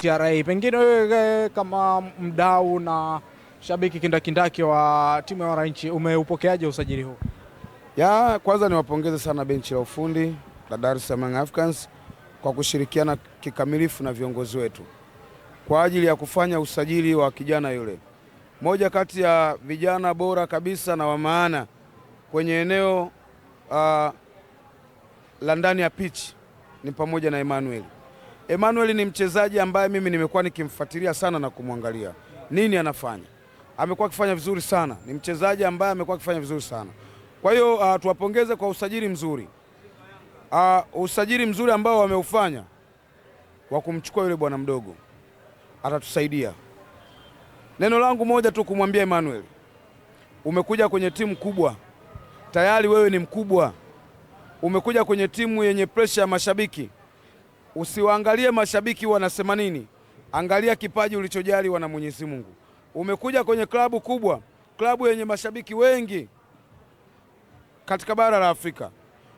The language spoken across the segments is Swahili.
TRA. Pengine wewe kama mdau na shabiki kindakindaki wa timu ya wananchi umeupokeaje usajili huu? Ya kwanza niwapongeze sana benchi la ufundi la Dar es Salaam Africans kwa kushirikiana kikamilifu na viongozi wetu kwa ajili ya kufanya usajili wa kijana yule, moja kati ya vijana bora kabisa na wa maana kwenye eneo uh, la ndani ya pitch ni pamoja na Emmanuel. Emmanuel ni mchezaji ambaye mimi nimekuwa nikimfuatilia sana na kumwangalia nini anafanya. Amekuwa akifanya vizuri sana, ni mchezaji ambaye amekuwa akifanya vizuri sana. Kwa hiyo uh, tuwapongeze kwa usajili mzuri uh, usajili mzuri ambao wameufanya wa kumchukua yule bwana mdogo, atatusaidia. Neno langu moja tu kumwambia Emmanuel, umekuja kwenye timu kubwa tayari, wewe ni mkubwa, umekuja kwenye timu yenye presha ya mashabiki Usiwaangalie mashabiki wanasema nini, angalia kipaji ulichojaliwa na Mwenyezi Mungu. Umekuja kwenye klabu kubwa, klabu yenye mashabiki wengi katika bara la Afrika.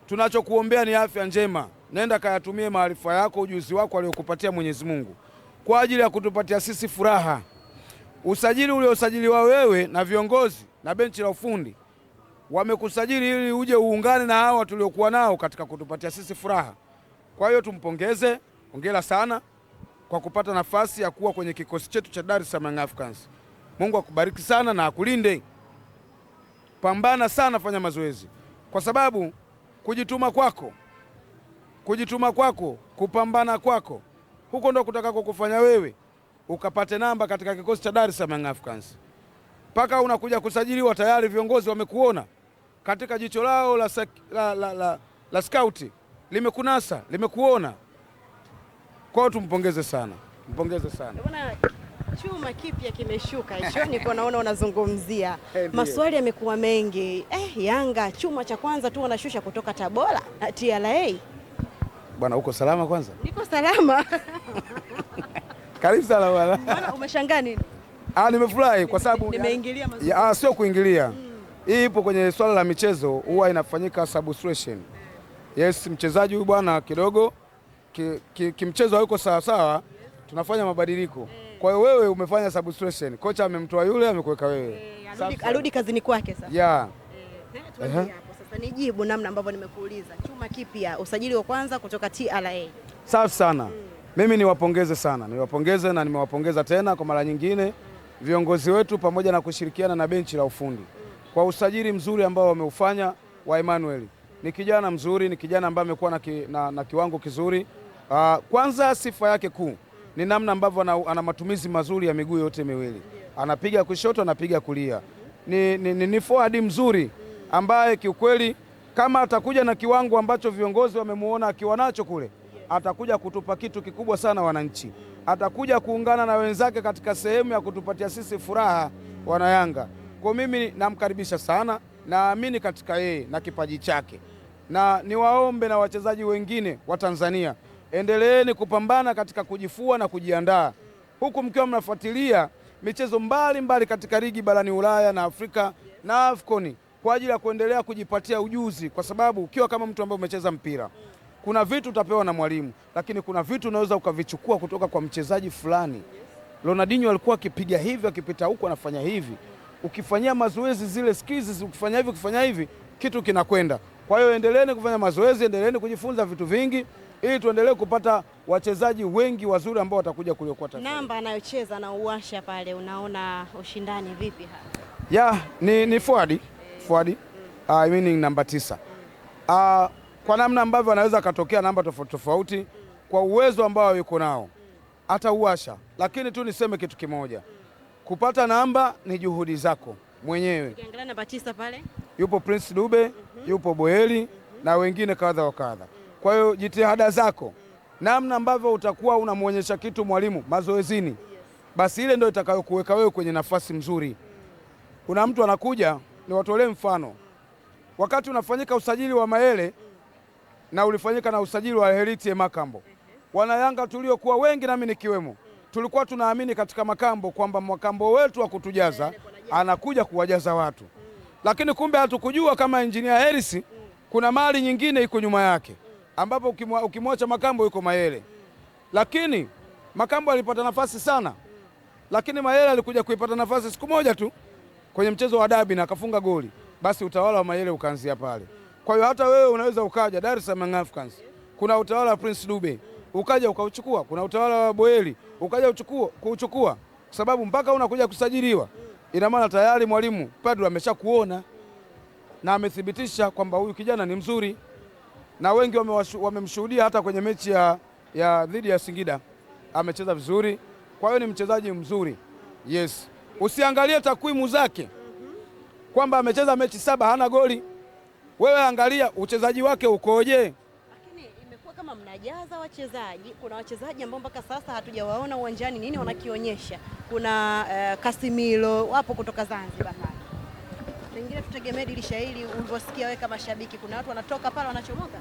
Tunachokuombea ni afya njema. Nenda kayatumie maarifa yako, ujuzi wako aliyokupatia Mwenyezi Mungu kwa ajili ya kutupatia sisi furaha. Usajili uliosajiliwa wewe na viongozi na benchi la ufundi wamekusajili ili uje uungane na hawa tuliokuwa nao katika kutupatia sisi furaha. Kwa hiyo tumpongeze, hongera sana kwa kupata nafasi ya kuwa kwenye kikosi chetu cha Dar es Salaam Africans. Mungu akubariki sana na akulinde. Pambana sana, fanya mazoezi, kwa sababu kujituma kwako, kujituma kwako, kupambana kwako, huko ndo kutaka kukufanya wewe ukapate namba katika kikosi cha Dar es Salaam Africans. Mpaka unakuja kusajiliwa, tayari viongozi wamekuona katika jicho lao la, la, la, la, la, la skauti limekunasa, limekuona. Kwao tumpongeze sana, mpongeze sana Bwana. Chuma kipya kimeshuka hicho, kwa naona unazungumzia. Eh, Maswali yamekuwa mengi eh, Yanga chuma cha kwanza tu wanashusha kutoka Tabora na TRA. Bwana, uko salama? Kwanza niko salama karibu sana bwana. Bwana, umeshangaa nini? Ah, nimefurahi kwa sababu nimeingilia, ah, sio kuingilia hii mm. Ipo kwenye swala la michezo huwa inafanyika substitution Yes, mchezaji huyu bwana kidogo kimchezo ki, ki hayuko sawasawa, tunafanya mabadiliko. Eh. Kwa hiyo wewe umefanya substitution, kocha amemtoa yule, amekuweka wewe, eh, arudi kazini kwake sasa. Yeah. Eh, Nijibu namna ambavyo nimekuuliza, chuma kipya, usajili wa kwanza kutoka TRA. Safi sana mm. Mimi niwapongeze sana, niwapongeze na nimewapongeza tena kwa mara nyingine mm. viongozi wetu pamoja na kushirikiana na benchi la ufundi mm. kwa usajili mzuri ambao wameufanya wa Emmanuel ni kijana mzuri, ni kijana ambaye amekuwa na, ki, na, na kiwango kizuri. Uh, kwanza sifa yake kuu ni namna ambavyo ana, ana matumizi mazuri ya miguu yote miwili, anapiga kushoto, anapiga kulia. Ni, ni, ni, ni forward mzuri ambaye kiukweli kama atakuja na kiwango ambacho viongozi wamemuona akiwa nacho kule, atakuja kutupa kitu kikubwa sana wananchi, atakuja kuungana na wenzake katika sehemu ya kutupatia sisi furaha wanayanga. Kwa mimi namkaribisha sana, naamini katika yeye na kipaji chake na niwaombe na wachezaji wengine wa Tanzania, endeleeni kupambana katika kujifua na kujiandaa, huku mkiwa mnafuatilia michezo mbalimbali mbali katika ligi barani Ulaya na Afrika na AFCON kwa ajili ya kuendelea kujipatia ujuzi, kwa sababu ukiwa kama mtu ambaye umecheza mpira kuna vitu utapewa na mwalimu, lakini kuna vitu unaweza ukavichukua kutoka kwa mchezaji fulani. Ronaldinho alikuwa akipiga hivi, akipita huku anafanya hivi, ukifanyia mazoezi zile skills, ukifanya hivi, ukifanya hivi, kitu kinakwenda. Kwa hiyo endeleeni kufanya mazoezi, endeleeni kujifunza vitu vingi ili tuendelee kupata wachezaji wengi wazuri ambao watakuja kuliokuwa Namba anayocheza na uwasha pale, unaona ushindani vipi hapa? Ya, ni, ni Fuadi Fuadi, Uh, ah, I mean namba tisa mm. uh, kwa namna ambavyo anaweza akatokea namba tofauti tofauti kwa uwezo ambao yuko nao hata uwasha, lakini tu niseme kitu kimoja kupata namba ni juhudi zako mwenyewe. Ukiangalia namba tisa pale yupo Prince Dube yupo Boeli na wengine kadha wa kadha. Kwa hiyo jitihada zako, namna ambavyo utakuwa unamwonyesha kitu mwalimu mazoezini, basi ile ndio itakayokuweka wewe kwenye nafasi mzuri. Kuna mtu anakuja, niwatolee mfano. Wakati unafanyika usajili wa Mayele na ulifanyika na usajili wa Heritie Makambo, wanayanga tuliokuwa wengi, nami nikiwemo, tulikuwa tunaamini katika Makambo kwamba Makambo wetu wa kutujaza anakuja kuwajaza watu lakini kumbe hatukujua kama engineer Harris kuna mali nyingine iko nyuma yake ambapo ukimwacha Makambo yuko Mayele lakini Makambo alipata nafasi sana lakini Mayele alikuja kuipata nafasi siku moja tu kwenye mchezo wa dabi na akafunga goli, basi utawala wa Mayele ukaanzia pale. Kwa hiyo hata wewe unaweza ukaja Dar es Salaam Africans, kuna utawala wa Prince Dube ukaja ukauchukua, kuna utawala wa Boeli ukaja kuchukua, kwa sababu mpaka unakuja kusajiliwa Ina maana tayari mwalimu Pedro ameshakuona na amethibitisha kwamba huyu kijana ni mzuri, na wengi wamemshuhudia wame hata kwenye mechi ya, ya dhidi ya Singida amecheza vizuri. Kwa hiyo ni mchezaji mzuri yes. Usiangalie takwimu zake kwamba amecheza mechi saba hana goli, wewe angalia uchezaji wake ukoje kama mnajaza wachezaji, kuna wachezaji ambao mpaka sasa hatujawaona uwanjani, nini wanakionyesha? Kuna uh, eh, Kasimilo wapo kutoka Zanzibar pengine tutegemee dirisha hili, ulivyosikia wewe kama shabiki, kuna watu wanatoka pale wanachomoka?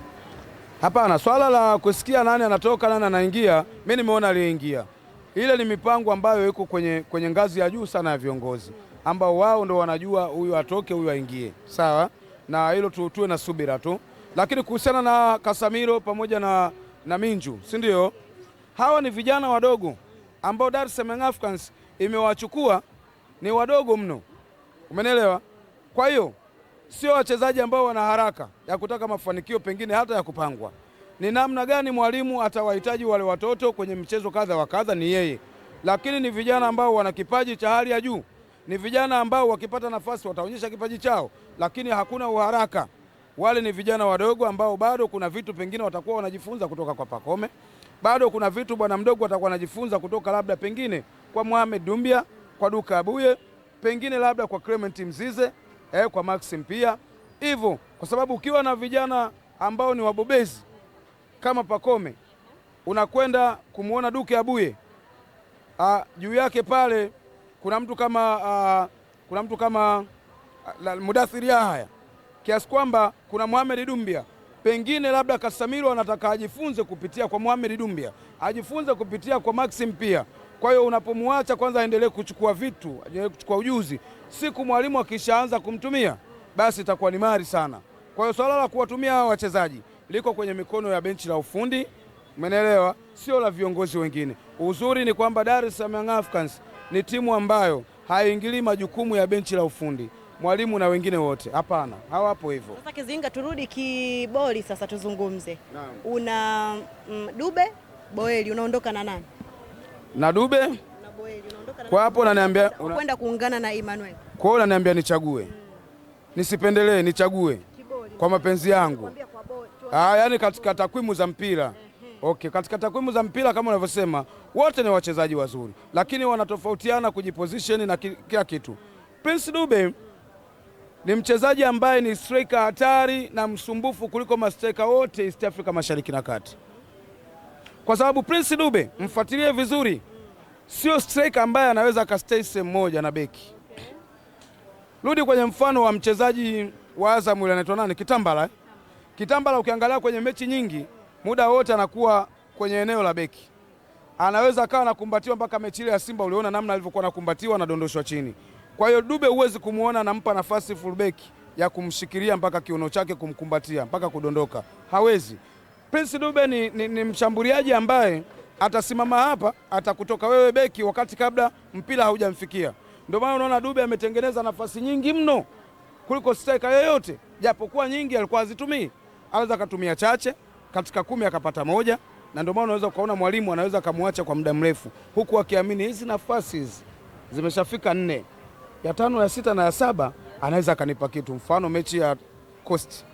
Hapana, swala la kusikia nani anatoka nani anaingia, hmm. nimeona aliyeingia, ile ni mipango ambayo iko kwenye, kwenye ngazi ya juu sana ya viongozi ambao wao ndo wanajua huyu atoke huyu aingie, sawa na hilo tu, tuwe na subira tu. Lakini kuhusiana na Kasamiro pamoja na, na Minju, si ndio? Hawa ni vijana wadogo ambao Dar es Salaam Africans imewachukua ni wadogo mno, umenielewa? Kwa hiyo sio wachezaji ambao wana haraka ya kutaka mafanikio pengine hata ya kupangwa. Ni namna gani mwalimu atawahitaji wale watoto kwenye michezo kadha wa kadha ni yeye, lakini ni vijana ambao wana kipaji cha hali ya juu, ni vijana ambao wakipata nafasi wataonyesha kipaji chao, lakini hakuna uharaka. Wale ni vijana wadogo ambao bado kuna vitu pengine watakuwa wanajifunza kutoka kwa Pakome, bado kuna vitu bwana mdogo atakuwa anajifunza kutoka labda pengine kwa Mohamed Dumbia, kwa Duka Abuye, pengine labda kwa Clement Mzize, eh, kwa Maxim pia hivyo, kwa sababu ukiwa na vijana ambao ni wabobezi kama Pakome unakwenda kumwona Duke Abuye ah, juu yake pale kuna mtu kama a, ah, kuna mtu kama ah, Mudathiri Yahaya kiasi kwamba kuna Mohamed Dumbia pengine labda Kasamiru anataka ajifunze kupitia kwa Mohamed Dumbia, ajifunze kupitia kwa Maxim pia. Kwa hiyo unapomwacha kwanza aendelee kuchukua vitu, aendelee kuchukua ujuzi, siku mwalimu akishaanza kumtumia basi itakuwa ni mari sana. Kwa hiyo swala la kuwatumia hawa wachezaji liko kwenye mikono ya benchi la ufundi, umeelewa, sio la viongozi wengine. Uzuri ni kwamba Dar es Salaam Africans ni timu ambayo haingilii majukumu ya benchi la ufundi mwalimu na wengine wote, hapana, hawapo hivyo. Sasa Kizinga, turudi kiboli sasa, tuzungumze naam. Una mm, Dube Boeli unaondoka na nani? Na Dube na Boeli unaondoka na kwa hapo unaniambia unakwenda kuungana na Emmanuel. Kwa hiyo unaniambia nichague hmm. Nisipendelee, nichague Kiboli, kwa mapenzi yangu ah, yani katika takwimu za mpira Okay, katika takwimu za mpira kama unavyosema wote ni wachezaji wazuri, lakini wanatofautiana kujiposition na kila kitu. Mm. Prince Dube ni mchezaji ambaye ni striker hatari na msumbufu kuliko mastreka wote East Africa Mashariki na Kati, kwa sababu Prince Dube, mfuatilie vizuri, sio striker ambaye anaweza akastay sehemu moja na beki. Rudi kwenye mfano wa mchezaji wa Azam yule anaitwa nani? Kitambala. Eh? Kitambala ukiangalia kwenye mechi nyingi, muda wote anakuwa kwenye eneo la beki anaweza akawa anakumbatiwa mpaka mechi ile ya Simba uliona namna alivyokuwa anakumbatiwa, dondoshwa chini. Kwa hiyo Dube huwezi kumwona anampa nafasi fulbeki ya kumshikilia mpaka kiuno chake kumkumbatia mpaka kudondoka, hawezi. Prince Dube ni, ni, ni mshambuliaji ambaye atasimama hapa, atakutoka wewe beki wakati kabla mpira haujamfikia. Ndio maana unaona Dube ametengeneza nafasi nyingi mno kuliko striker yoyote, japokuwa nyingi alikuwa hazitumii. Anaweza akatumia chache katika kumi akapata moja, na ndio maana unaweza kuona mwalimu anaweza akamwacha kwa muda mrefu, huku akiamini hizi nafasi hizi zimeshafika nne ya tano ya sita na ya saba anaweza akanipa kitu. Mfano mechi ya Coast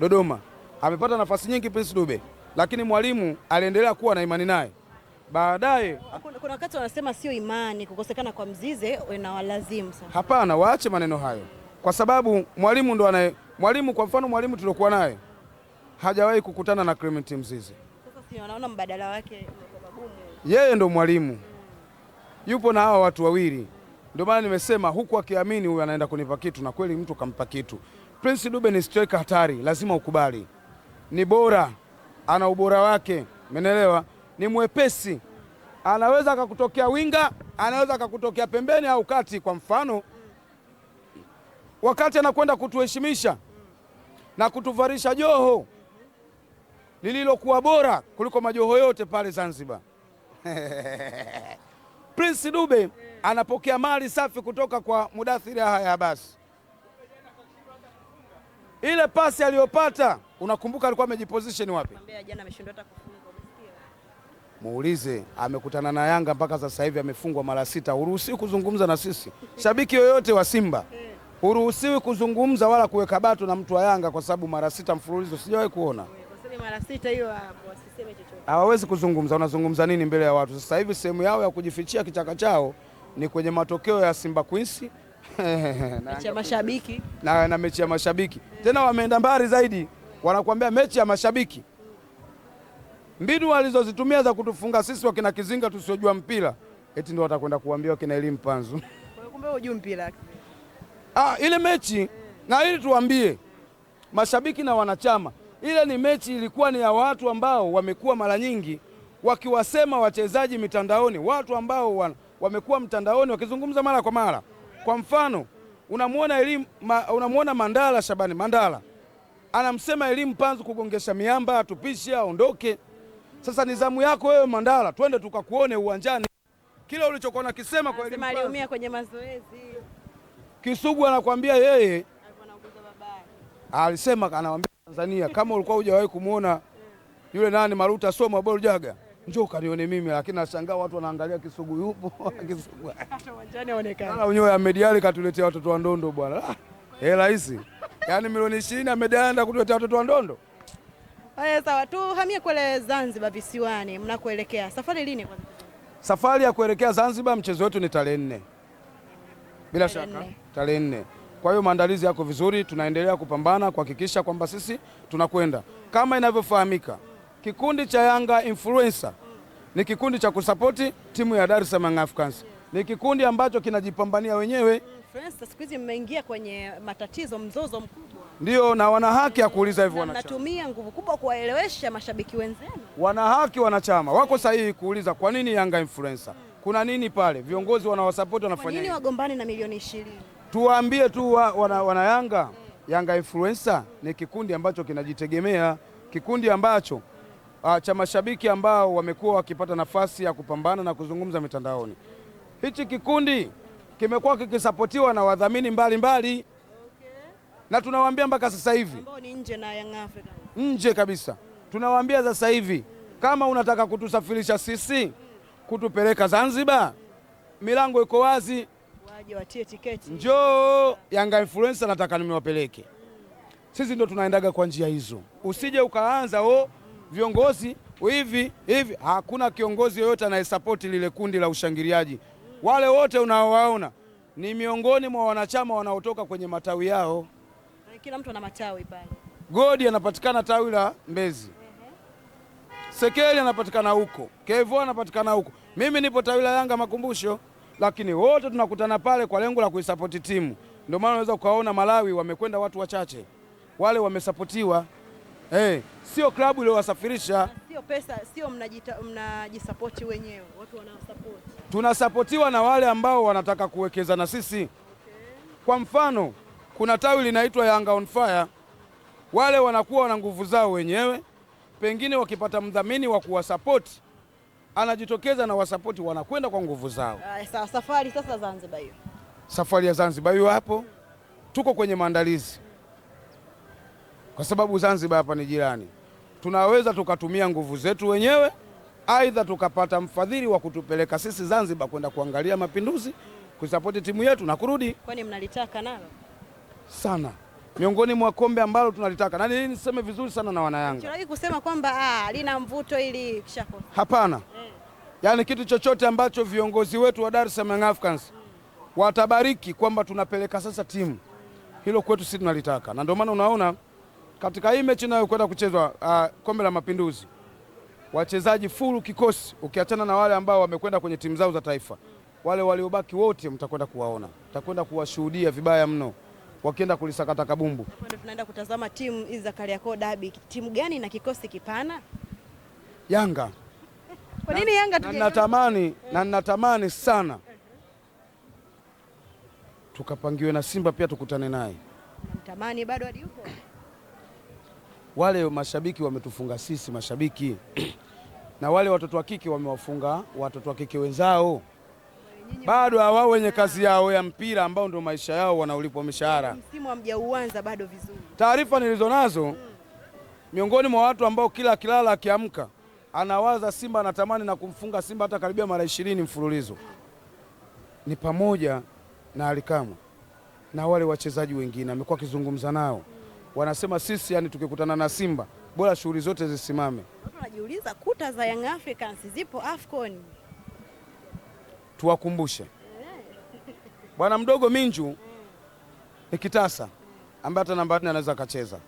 Dodoma amepata nafasi nyingi Prince Dube, lakini mwalimu aliendelea kuwa na imani naye baadaye. Ah, kuna wakati wanasema sio imani, kukosekana kwa Mzize na walazimu sana. Hapana, waache maneno hayo, kwa sababu mwalimu ndo anaye mwalimu. Kwa mfano mwalimu tuliokuwa naye hajawahi kukutana na Clement Mzize. Sasa mbadala wake yeye ndo mwalimu yupo na hawa watu wawili ndio maana nimesema huku akiamini huyu anaenda kunipa kitu, na kweli mtu kampa kitu. Prince Dube ni striker hatari, lazima ukubali, ni bora, ana ubora wake, umeelewa? Ni mwepesi, anaweza akakutokea winga, anaweza akakutokea pembeni au kati. Kwa mfano, wakati anakwenda kutuheshimisha na kutuvarisha joho lililokuwa bora kuliko majoho yote pale Zanzibar Prince Dube anapokea mali safi kutoka kwa Mudathiri Yahya Abbas. Ile pasi aliyopata unakumbuka, alikuwa amejiposition wapi? Muulize, amekutana na Yanga mpaka sasa hivi amefungwa mara sita. Huruhusiwi kuzungumza na sisi shabiki yoyote wa Simba, huruhusiwi kuzungumza wala kuweka bato na mtu wa Yanga kwa sababu mara sita mfululizo sijawahi kuona mara sita hiyo hapo, ah, asiseme chochote. Hawawezi kuzungumza, wanazungumza nini mbele ya watu? Sasa hivi sehemu yao ya kujifichia kichaka chao ni kwenye matokeo ya Simba Queens mechi ya mashabiki na, na mechi ya mashabiki Tena wameenda mbali zaidi, wanakuambia mechi ya mashabiki. Mbinu walizozitumia za kutufunga sisi wakina Kizinga tusiojua mpira, eti ndio watakwenda kuambia wakina Elimu Panzu kumbe hujui mpira. Ah, ile mechi Na ili tuambie mashabiki na wanachama ile ni mechi ilikuwa ni ya watu ambao wamekuwa mara nyingi wakiwasema wachezaji mitandaoni, watu ambao wamekuwa mtandaoni wakizungumza mara kwa mara. Kwa mfano unamwona Elimu, unamwona Mandala Shabani, Mandala anamsema Elimu Panzu kugongesha miamba, atupishe aondoke. Sasa ni zamu yako wewe Mandala, twende tukakuone uwanjani. Kile ulichokuwa nakisema kwa Elimu aliumia kwenye mazoezi. Kisugu anakwambia yeye alisema, anawambia Tanzania kama ulikuwa hujawahi kumuona yule nani Maruta Somo Abol Jaga, njoo kanione mimi, lakini nashangaa watu wanaangalia Kisugu yupo Kisugu wenyewe amediali katuletea watoto wa ndondo bwana, ah, Eh, rais. yaani milioni ishirini amedianda kutuletea watoto wa ndondo. Haya, sawa, tuhamie kule Zanzibar visiwani, mnakoelekea safari lini? Kwanza safari ya kuelekea Zanzibar, mchezo wetu ni tarehe nne bila shaka tarehe nne. Kwa hiyo maandalizi yako vizuri, tunaendelea kupambana kuhakikisha kwamba sisi tunakwenda kama inavyofahamika. Kikundi cha Yanga Influencer ni kikundi cha kusapoti timu ya Dar es Salaam Africans, ni kikundi ambacho kinajipambania wenyewe. Siku hizi mmeingia kwenye matatizo, mzozo mkubwa, ndio na wana haki ya kuuliza hivyo. Wanachama natumia nguvu kubwa kuwaelewesha mashabiki wenzenu, wana haki, wanachama wako sahihi kuuliza kwa nini Yanga Influencer, kuna nini pale? Viongozi wanawasapoti wanafanya nini? Wagombane na milioni ishirini tuwaambie tu wa, wana, wana Yanga, Yanga influencer ni kikundi ambacho kinajitegemea, kikundi ambacho uh, cha mashabiki ambao wamekuwa wakipata nafasi ya kupambana na kuzungumza mitandaoni. Hichi kikundi kimekuwa kikisapotiwa na wadhamini mbalimbali mbali. Na tunawaambia mpaka sasa hivi nje, na Young Africa nje kabisa, tunawaambia sasa hivi kama unataka kutusafirisha sisi kutupeleka Zanzibar, milango iko wazi, waje watie tiketi, njoo Yanga influencer nataka nimewapeleke. Sisi ndo tunaendaga kwa njia hizo, usije ukaanza o oh, viongozi hivi hivi. Hakuna kiongozi yoyote anayesapoti lile kundi la ushangiliaji. Wale wote unaowaona ni miongoni mwa wanachama wanaotoka kwenye matawi yao. Yaani kila mtu ana matawi pale. Godi anapatikana tawi la Mbezi, Sekeli anapatikana huko, Kevo anapatikana huko, mimi nipo tawi la Yanga Makumbusho lakini wote tunakutana pale kwa lengo la kuisapoti timu. Ndio maana unaweza ukaona Malawi wamekwenda watu wachache, wale wamesapotiwa. Hey, eh, sio klabu iliyowasafirisha, sio pesa, sio mnajisapoti wenyewe, watu wanawasapoti. Tunasapotiwa na wale ambao wanataka kuwekeza na sisi okay. Kwa mfano kuna tawi linaitwa Yanga on Fire, wale wanakuwa na nguvu zao wenyewe, pengine wakipata mdhamini wa kuwasapoti anajitokeza na wasapoti wanakwenda kwa nguvu zao. Sasa ah, safari sasa Zanzibar hiyo, safari ya Zanzibar hiyo hapo tuko kwenye maandalizi, kwa sababu Zanzibar hapa ni jirani. Tunaweza tukatumia nguvu zetu wenyewe, aidha tukapata mfadhili wa kutupeleka sisi Zanzibar kwenda kuangalia mapinduzi, kusapoti timu yetu na kurudi. Kwani mnalitaka nalo sana miongoni mwa kombe ambalo tunalitaka, na nini niseme vizuri sana na wanayanga kusema kwamba ah, lina mvuto ili kishakosa. Hapana mm. Yaani kitu chochote ambacho viongozi wetu wa Dar es Salaam Africans mm. watabariki kwamba tunapeleka sasa timu hilo kwetu sisi tunalitaka, na ndio maana unaona katika hii mechi nayo kwenda kuchezwa uh, kombe la Mapinduzi, wachezaji fulu kikosi, ukiachana na wale ambao wamekwenda kwenye timu zao za taifa, wale waliobaki wote mtakwenda kuwaona, mtakwenda kuwashuhudia vibaya mno wakienda kulisakata kabumbu. Ndio tunaenda kutazama timu hizi za Kariakoo Dabi, Timu gani na kikosi kipana? Yanga. Kwa nini Yanga? Na ninatamani na ninatamani sana tukapangiwe na Simba pia tukutane naye. Natamani bado hadi yupo. Wale mashabiki wametufunga sisi mashabiki na wale watoto wa kike wamewafunga watoto wa kike wenzao bado hawao wenye kazi yao ya mpira ambao ndio maisha yao wanaolipwa mishahara, msimu hamjauanza bado vizuri. Taarifa nilizonazo hmm. miongoni mwa watu ambao kila kilala akiamka anawaza Simba anatamani na kumfunga Simba hata karibia mara ishirini mfululizo ni pamoja na Alikamwe na wale wachezaji wengine amekuwa akizungumza nao, wanasema sisi, yani tukikutana na Simba bora shughuli zote zisimame. Watu wanajiuliza kuta za Young Africans zipo Afcon tuwakumbushe bwana mdogo Minju ni kitasa ambaye hata namba 4 anaweza akacheza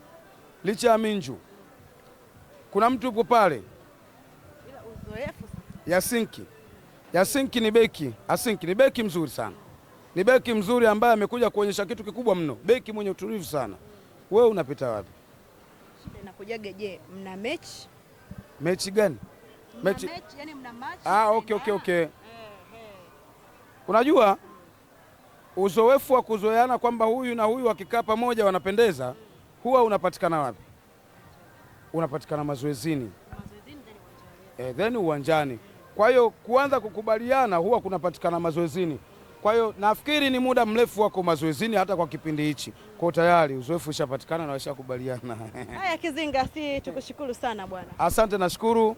licha ya Minju. Kuna mtu yupo pale Yasinki. Yasinki ni beki, Asinki ni beki mzuri sana, ni beki mzuri ambaye amekuja kuonyesha kitu kikubwa mno, beki mwenye utulivu sana. Wewe unapita wapi? Nakujaga. Je, mna mechi? Mechi gani? Mechi, mechi yani mna match? Ah, okay, okay, okay. Unajua uzoefu wa kuzoeana kwamba huyu na huyu wakikaa pamoja wanapendeza, huwa unapatikana wapi? Unapatikana mazoezini, eh, then uwanjani. Kwa hiyo kuanza kukubaliana huwa kunapatikana mazoezini. Kwa hiyo nafikiri ni muda mrefu wako mazoezini hata kwa kipindi hichi, kwa tayari uzoefu ushapatikana na washakubaliana. Haya Kizinga, si tukushukuru sana bwana. Asante, nashukuru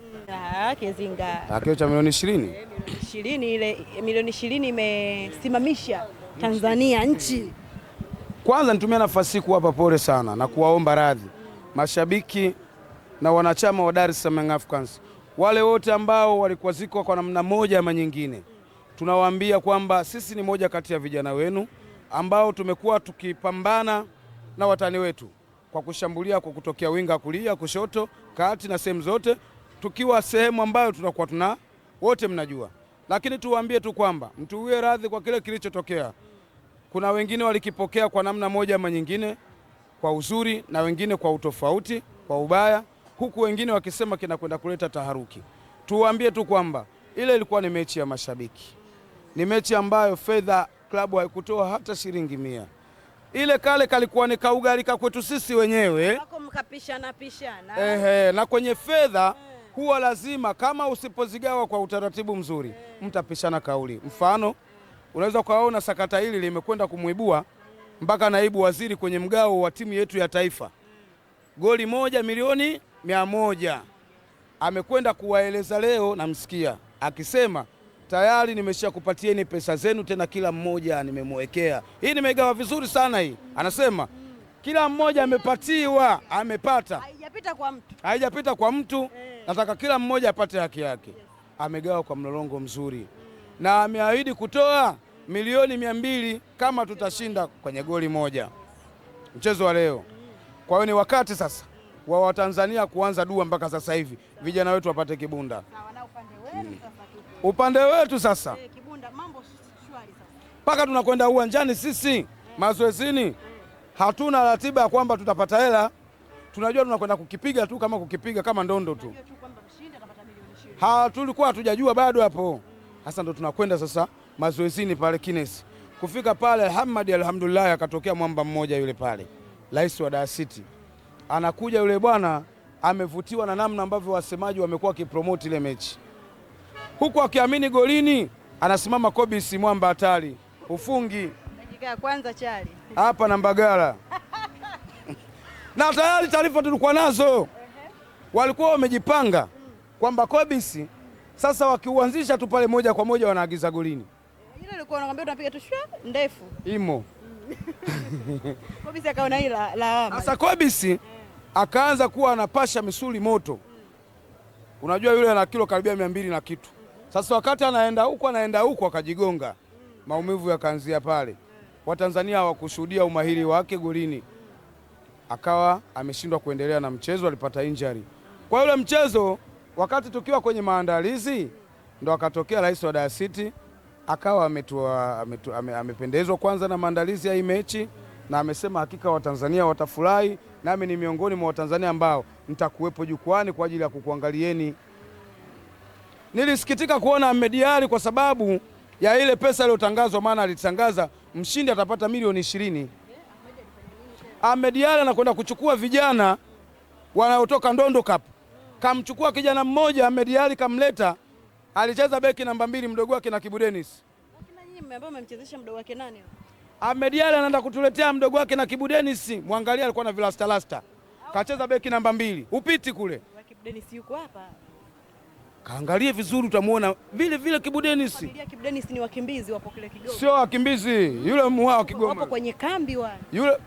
Kizinga. Akio cha milioni ishirini ile milioni ishirini imesimamisha Tanzania nchi. Kwanza nitumia nafasi hii kuwapa pole sana na kuwaomba radhi mashabiki na wanachama wa Dar es Salaam Africans, wale wote ambao walikuwa ziko kwa namna moja ama nyingine tunawaambia kwamba sisi ni moja kati ya vijana wenu ambao tumekuwa tukipambana na watani wetu kwa kushambulia kwa kutokea winga kulia, kushoto, kati na sehemu zote, tukiwa sehemu ambayo tunakuwa tuna wote mnajua, lakini tuwaambie tu kwamba mtuwie radhi kwa kile kilichotokea. Kuna wengine walikipokea kwa namna moja ama nyingine, kwa uzuri na wengine kwa utofauti, kwa ubaya, huku wengine wakisema kinakwenda kuleta taharuki. Tuwaambie tu kwamba ile ilikuwa ni mechi ya mashabiki ni mechi ambayo fedha klabu haikutoa hata shilingi mia. Ile kale kalikuwa ni kaugarika kwetu sisi wenyewe mkapishana pishana. Ehe, na kwenye fedha huwa lazima kama usipozigawa kwa utaratibu mzuri mtapishana kauli. Mfano, unaweza ukaona sakata hili limekwenda kumwibua mpaka naibu waziri kwenye mgao wa timu yetu ya taifa, goli moja milioni mia moja amekwenda kuwaeleza leo, namsikia akisema tayari nimeshakupatieni pesa zenu, tena kila mmoja nimemwekea. Hii nimegawa vizuri sana hii, anasema kila mmoja amepatiwa, amepata, haijapita kwa mtu, haijapita kwa mtu. Eh. Nataka kila mmoja apate haki yake. Amegawa kwa mlolongo mzuri na ameahidi kutoa milioni mia mbili kama tutashinda kwenye goli moja mchezo wa leo. Kwa hiyo ni wakati sasa wa Watanzania kuanza dua mpaka sasa hivi vijana wetu wapate kibunda upande wetu sasa eh, mpaka tunakwenda uwanjani sisi eh. mazoezini, eh. hatuna ratiba ya kwamba tutapata hela. Tunajua tunakwenda kukipiga tu kama kukipiga kama ndondo tu, hatulikuwa hatujajua bado hapo. Sasa ndo tunakwenda sasa mazoezini pale Kinesi. Kufika pale Alhamadi, alhamdulillah, akatokea mwamba mmoja yule pale, rais wa Dar City anakuja yule bwana, amevutiwa na namna ambavyo wasemaji wamekuwa wakipromoti ile mechi huku akiamini golini, anasimama Kobisi mwamba hatari, ufungi kwanza chali hapa na Mbagala na tayari taarifa tulikuwa nazo, walikuwa wamejipanga kwamba Kobisi sasa wakiuanzisha tu pale moja kwa moja wanaagiza golini. Ile ilikuwa anakuambia tunapiga tu ndefu imo Kobisi akaona ila lawama. Sasa Kobisi akaanza kuwa anapasha misuli moto. Unajua yule ana kilo karibia mia mbili na kitu sasa wakati anaenda huko anaenda huko akajigonga, maumivu yakaanzia pale. Watanzania hawakushuhudia umahiri wake golini, akawa ameshindwa kuendelea na mchezo, alipata injury. Kwa yule mchezo, wakati tukiwa kwenye maandalizi, ndo akatokea rais wa Dar City akawa ametua, ametu, ame, amependezwa kwanza na maandalizi ya hii mechi na amesema hakika Watanzania watafurahi, nami ni miongoni mwa Watanzania ambao nitakuwepo jukwani kwa ajili ya kukuangalieni. Nilisikitika kuona Ahmed Ally kwa sababu ya ile pesa iliyotangazwa, maana alitangaza mshindi atapata milioni ishirini. Ahmed Ally anakwenda kuchukua vijana wanaotoka Ndondo Cup, kamchukua kijana mmoja Ahmed Ally kamleta, alicheza beki namba mbili, mdogo wake na Kibu Dennis. Ahmed Ally anaenda kutuletea mdogo wake na Kibu Dennis, mwangalia alikuwa na vilastalasta, kacheza beki namba mbili, upiti kule. Kibu Dennis yuko hapa kaangalie vizuri, utamwona vile vile. Kibu Familia Kibu Dennis ni wakimbizi, wapo kile Kigoma. Sio wakimbizi, yule mwa wa Kigoma wapo kwenye kambi wale. Yule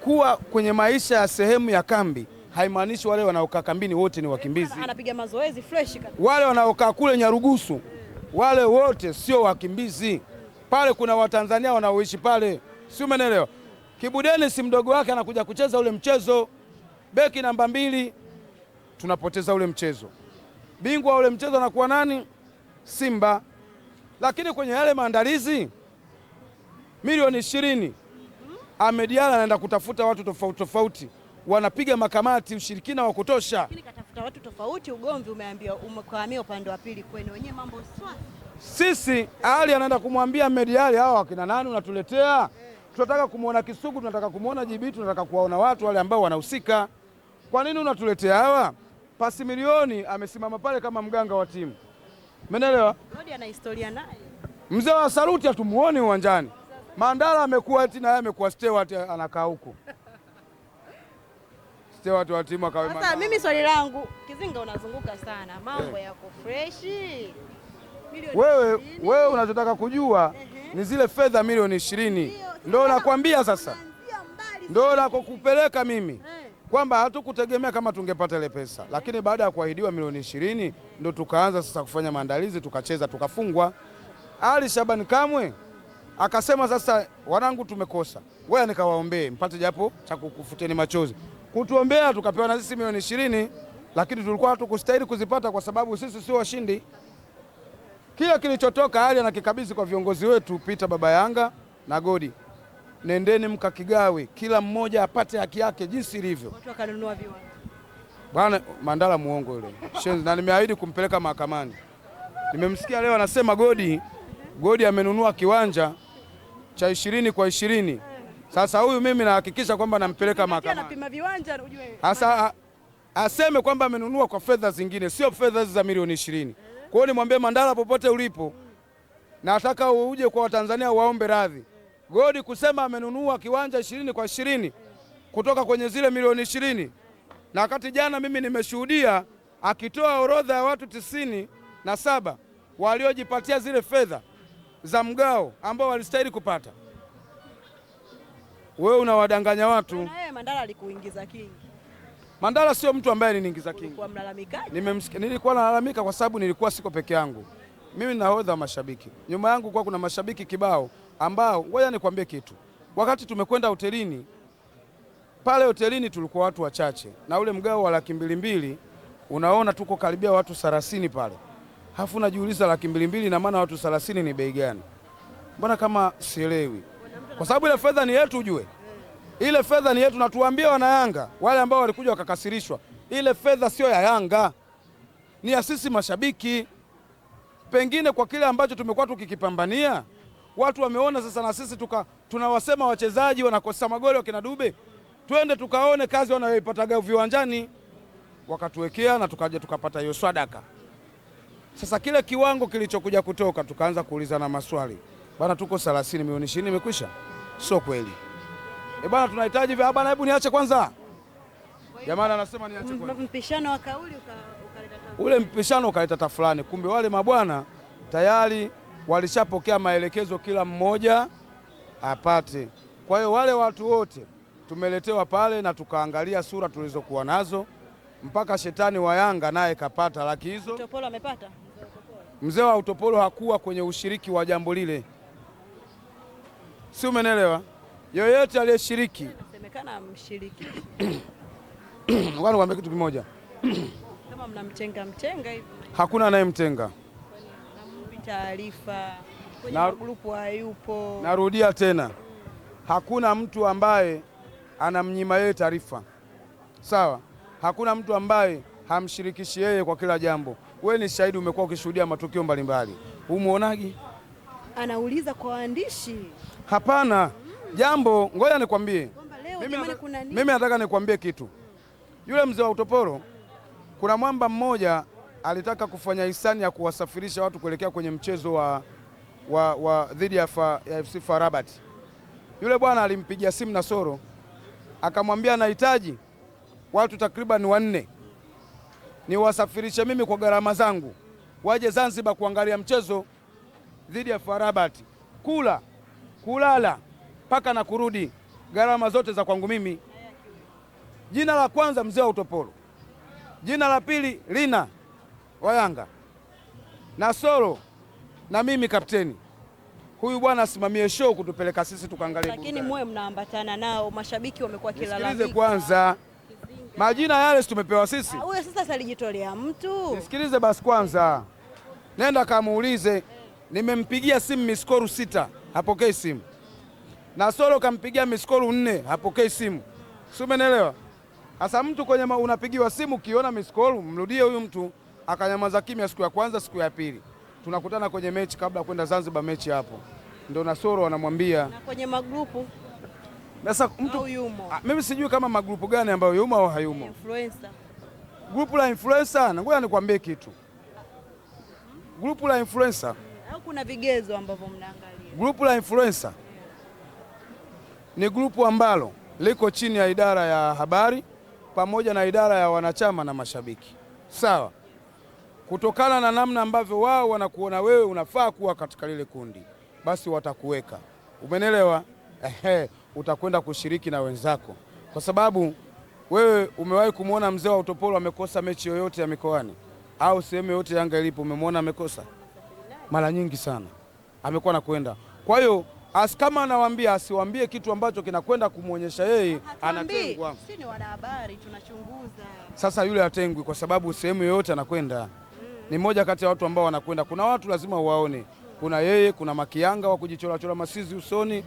kuwa kwenye maisha ya sehemu ya kambi haimaanishi wale wanaokaa kambini wote ni wakimbizi. Anapiga mazoezi fresh kabisa. Wale wanaokaa kule Nyarugusu wale wote sio wakimbizi pale, kuna Watanzania wanaoishi pale, si umeelewa? Kibu Dennis mdogo wake anakuja kucheza ule mchezo beki namba mbili, tunapoteza ule mchezo bingwa ule mchezo anakuwa nani? Simba. Lakini kwenye yale maandalizi milioni ishirini amediala anaenda kutafuta watu tofauti tofauti, wanapiga makamati, ushirikina wa kutosha. Katafuta watu tofauti, ugomvi umekwamia upande wa pili kwenu wenyewe, mambo Sisi Ali anaenda kumwambia mediali hawa wakina nani unatuletea? Tunataka kumwona Kisugu, tunataka kumwona jibii tunataka kuwaona watu wale ambao wanahusika. Kwa nini unatuletea hawa? pasi milioni amesimama pale kama mganga wa timu, umeelewa? Rodi ana historia naye. Mzee wa saruti hatumuoni uwanjani. Mandala amekuwa eti naye amekuwa steward, anakaa huko steward wa timu akawa. Sasa mimi swali langu, Kizinga, unazunguka sana, mambo yako fresh. Wewe wewe unachotaka kujua ni zile fedha milioni ishirini, ndio nakwambia sasa, ndio nakokupeleka mimi. Eh kwamba hatukutegemea kama tungepata ile pesa, lakini baada ya kuahidiwa milioni ishirini ndo tukaanza sasa kufanya maandalizi, tukacheza, tukafungwa. Ali Shaban Kamwe akasema sasa, wanangu, tumekosa wewe, nikawaombee mpate japo cha kukufuteni machozi, kutuombea tukapewa na sisi milioni ishirini, lakini tulikuwa hatukustahili kuzipata kwa sababu sisi sio washindi. Kila kilichotoka Ali anakikabidhi kwa viongozi wetu Peter Baba Yanga na Godi nendeni mkakigawe, kila mmoja apate haki yake jinsi ilivyo. Watu wakanunua viwanja. Bwana Mandala muongo yule Shenzi, na nimeahidi kumpeleka mahakamani. Nimemsikia leo anasema Godi Godi amenunua kiwanja cha ishirini kwa ishirini. Sasa huyu mimi nahakikisha kwamba nampeleka mahakamani. Sasa aseme kwamba amenunua kwa fedha zingine, sio fedha hizi za milioni ishirini. Kwa hiyo nimwambie Mandala, popote ulipo, nataka uje kwa Watanzania waombe radhi. Godi kusema amenunua kiwanja ishirini kwa ishirini kutoka kwenye zile milioni ishirini na wakati jana mimi nimeshuhudia akitoa orodha ya watu tisini na saba waliojipatia zile fedha za mgao ambao walistahili kupata. Wewe unawadanganya watu. Mandala alikuingiza kingi. Mandala sio mtu ambaye aliniingiza kingi. Nilikuwa nalalamika kwa sababu nilikuwa siko peke yangu, mimi nahodha mashabiki, nyuma yangu kwa kuna mashabiki kibao ambao ngoja nikwambie kitu. Wakati tumekwenda hotelini pale, hotelini tulikuwa watu wachache, na ule mgao wa laki mbili mbili, unaona tuko karibia watu 30 pale, Hafu najiuliza laki mbili mbili na maana watu 30 ni bei gani? Mbona kama sielewi, kwa sababu ile fedha ni yetu, ujue ile fedha ni yetu, na wana wanayanga wale ambao walikuja wakakasirishwa, ile fedha sio ya Yanga, ni ya sisi mashabiki, pengine kwa kile ambacho tumekuwa tukikipambania watu wameona sasa, na sisi tunawasema wachezaji wanakosa magoli wakina Dube, twende tukaone kazi wanayoipataga viwanjani. Wakatuwekea na tukaja tukapata hiyo swadaka. Sasa kile kiwango kilichokuja kutoka, tukaanza kuulizana maswali bana, tuko 30 milioni 20 imekwisha, sio kweli e eh, bana, tunahitaji vya bana, hebu niache kwanza jamani, anasema niache kwanza. Mpishano wa kauli ukaleta ule mpishano ukaleta tafulani, kumbe wale mabwana tayari walishapokea maelekezo, kila mmoja apate. Kwa hiyo wale watu wote tumeletewa pale na tukaangalia sura tulizokuwa nazo, mpaka shetani wa Yanga naye kapata laki hizo. Utopolo amepata mzee wa utopolo, hakuwa kwenye ushiriki wa jambo lile, si umenelewa? Yoyote aliyeshiriki mshiriki kitu kimoja kama mnamtenga mtenga hivi, hakuna anayemtenga taarifa kwenye magrupu hayupo. Narudia tena, hakuna mtu ambaye anamnyima yeye taarifa, sawa? Hakuna mtu ambaye hamshirikishi yeye kwa kila jambo. Wewe ni shahidi, umekuwa ukishuhudia matukio mbalimbali, humuonaje? Anauliza kwa waandishi? Hapana. Mm. Jambo, ngoja nikwambie mimi, nataka, mimi nataka nikwambie kitu. Yule mzee wa utoporo, kuna mwamba mmoja alitaka kufanya hisani ya kuwasafirisha watu kuelekea kwenye mchezo wa, wa, wa dhidi ya, fa, ya FC FAR Rabat. Yule bwana alimpigia simu Nasoro akamwambia nahitaji watu takriban wanne niwasafirishe mimi kwa gharama zangu waje Zanzibar kuangalia mchezo dhidi ya FAR Rabat, kula kulala mpaka na kurudi, gharama zote za kwangu mimi. Jina la kwanza mzee wa utopolo, jina la pili Lina, wa Yanga na solo na mimi kapteni huyu bwana asimamie show kutupeleka sisi tukaangalie, lakini mwe mnaambatana nao. Mashabiki wamekuwa kilalamika kwanza majina yale tumepewa sisi. Ah, huyo sasa salijitolea mtu. Nisikilize basi kwanza, nenda kamuulize. Nimempigia simu miskoru sita, hapokei simu, na Solo kampigia miskoru nne, hapokei simu, si umeelewa? Sasa mtu kwenye unapigiwa simu, ukiona miskoru mrudie huyu mtu akanyamaza kimya siku ya kwanza, siku ya pili. Tunakutana kwenye mechi kabla ya kwenda Zanzibar, mechi hapo ndio Nasoro anamwambia na kwenye magrupu sasa mtu ah, mimi sijui kama magrupu gani ambayo yumo au hayumo. Influencer. Grupu la influencer, ngoja nikwambie kitu. Grupu la influencer. Eh, au kuna vigezo ambavyo mnaangalia? Grupu la influencer ni grupu ambalo liko chini ya idara ya habari pamoja na idara ya wanachama na mashabiki. Sawa kutokana na namna ambavyo wao wanakuona wewe unafaa kuwa katika lile kundi, basi watakuweka. Umenelewa? Ehe, utakwenda kushiriki na wenzako, kwa sababu wewe umewahi kumwona mzee wa utopolo amekosa mechi yoyote ya mikoani au sehemu yoyote Yanga ilipo? Umemwona amekosa? Mara nyingi sana amekuwa nakwenda. Kwa hiyo as kama anawaambia asiwaambie kitu ambacho kinakwenda kumwonyesha yeye anatengwa. Sisi ni wanahabari tunachunguza. Sasa yule atengwi kwa sababu sehemu yoyote anakwenda ni mmoja kati ya watu ambao wanakwenda. Kuna watu lazima uwaone, kuna yeye, kuna makianga wa chora masizi usoni,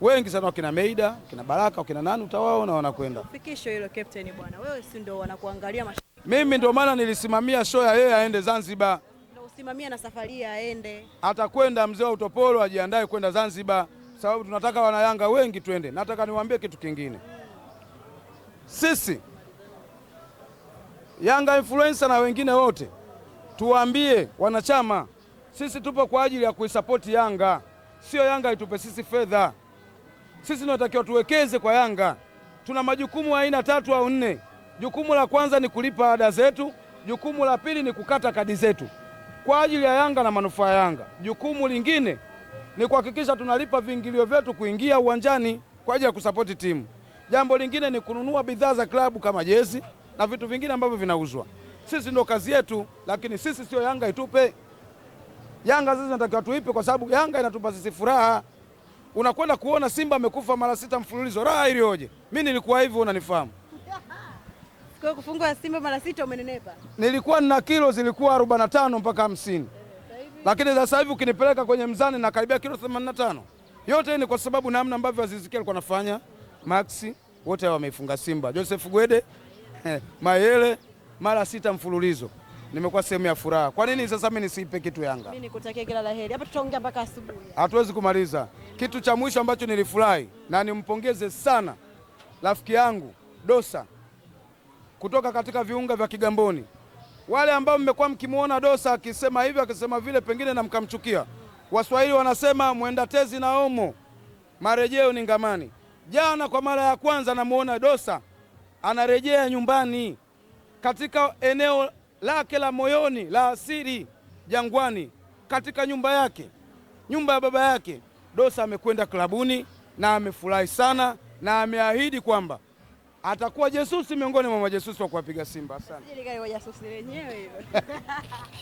wengi sana, wakina Meida, wakina Baraka, wakina nani, utawaona wanakwenda. Fikisho hilo captain bwana, wewe si ndio wanakuangalia mimi ndio maana nilisimamia show ya yeye aende Zanzibar, ndio usimamia na safari aende, atakwenda mzee wa utopolo ajiandae kwenda Zanzibar sababu tunataka wanayanga wengi twende. Nataka niwaambie kitu kingine, sisi Yanga influencer na wengine wote tuwaambie wanachama, sisi tupo kwa ajili ya kuisapoti Yanga, siyo Yanga itupe sisi fedha. Sisi tunatakiwa tuwekeze kwa Yanga. Tuna majukumu aina tatu au nne. Jukumu la kwanza ni kulipa ada zetu, jukumu la pili ni kukata kadi zetu kwa ajili ya Yanga na manufaa ya Yanga. Jukumu lingine ni kuhakikisha tunalipa viingilio vyetu kuingia uwanjani kwa ajili ya kusapoti timu. Jambo lingine ni kununua bidhaa za klabu kama jezi na vitu vingine ambavyo vinauzwa. Sisi ndo kazi yetu, lakini sisi sio Yanga itupe. Yanga sisi natakiwa tuipe, kwa sababu Yanga inatupa sisi furaha. Unakwenda kuona Simba amekufa mara sita mfululizo, raha ilioje! Mi nilikuwa hivyo, unanifahamu kufungwa Simba mara sita umenenepa. Nilikuwa nina kilo zilikuwa 45 mpaka 50. Lakini sasa hivi ukinipeleka kwenye mzani na karibia kilo 85. Yote ni kwa sababu namna ambavyo Aziz Ki alikuwa anafanya, Maxi wote wameifunga Simba. Joseph Gwede, Mayele mara sita mfululizo nimekuwa sehemu ya furaha. Kwa nini sasa mimi nisipe kitu Yanga? Mimi nikutakia kila la heri. Hapa tutaongea mpaka asubuhi. Hatuwezi kumaliza. Kitu cha mwisho ambacho nilifurahi na nimpongeze sana rafiki yangu Dosa kutoka katika viunga vya Kigamboni. Wale ambao mmekuwa mkimuona Dosa akisema hivyo akisema vile, pengine na mkamchukia. Waswahili wanasema mwenda tezi na omo, marejeo ni ngamani. Jana kwa mara ya kwanza namuona Dosa anarejea nyumbani katika eneo lake la moyoni la asili Jangwani, katika nyumba yake, nyumba ya baba yake. Dosa amekwenda klabuni na amefurahi sana na ameahidi kwamba atakuwa jasusi miongoni mwa majasusi wa kuwapiga Simba. Asante.